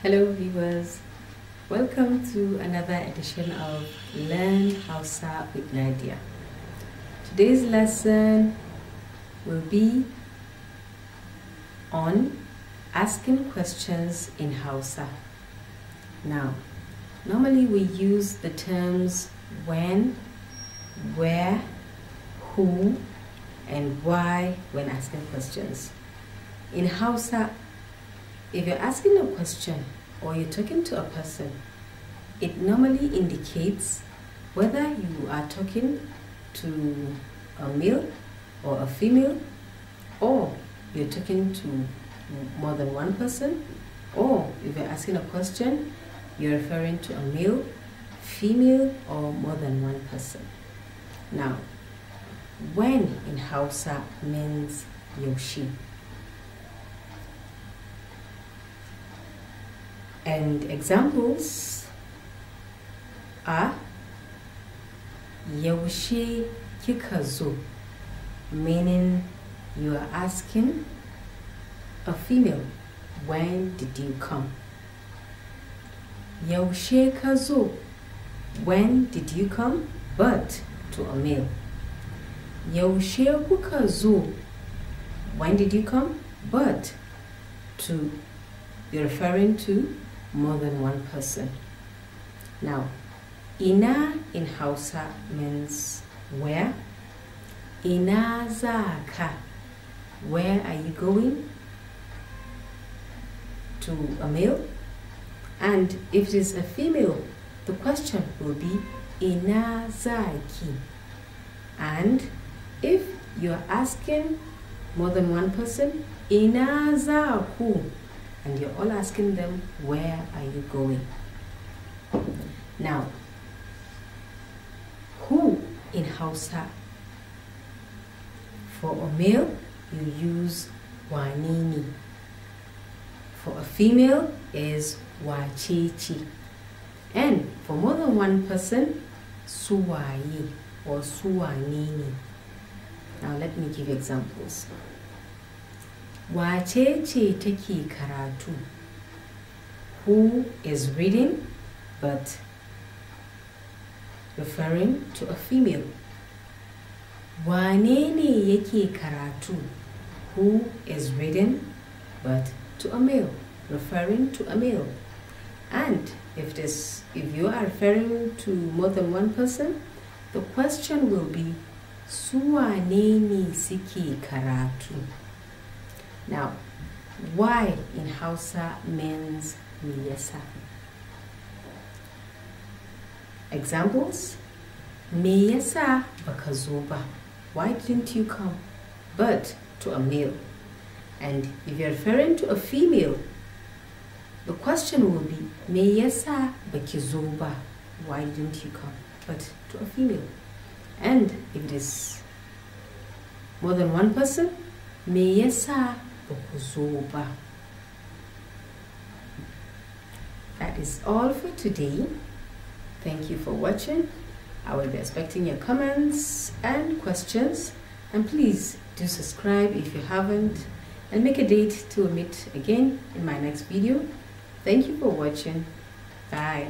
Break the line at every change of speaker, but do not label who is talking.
Hello viewers, welcome to another edition of Learn Hausa with Nadia. Today's lesson will be on asking questions in Hausa. Now, normally we use the terms when, where, who, and why when asking questions. In Hausa, if you're asking a question or you're talking to a person, it normally indicates whether you are talking to a male or a female, or you're talking to more than one person, or if you're asking a question, you're referring to a male, female, or more than one person. Now, when in Hausa means Yoshi. And examples are yaushe Kikazu, meaning you are asking a female when did you come yaushe Kazu, when did you come but to a male yaushe kuka zo when did you come but to you're referring to more than one person. Now, ina in Hausa means where. Ina ka, where are you going? To a male. And if it is a female, the question will be ina ki. And if you are asking more than one person, ina who and you're all asking them, where are you going? Now, who in Hausa? For a male, you use wanini. For a female is wachichi. And for more than one person, suwayi or suwanini. Now let me give examples. Wace ce karatu? Who is reading but referring to a female? Wane ne karatu? Who is reading but to a male, referring to a male. And if this if you are referring to more than one person, the question will be Suwane ne suke karatu? Now, why in Hausa means miyasa? Examples? Me bakazuba. Why didn't you come? But to a male. And if you're referring to a female, the question will be me yasa Why didn't you come? But to a female. And if it is more than one person, me that is all for today. Thank you for watching. I will be expecting your comments and questions. And please do subscribe if you haven't and make a date to meet again in my next video. Thank you for watching. Bye.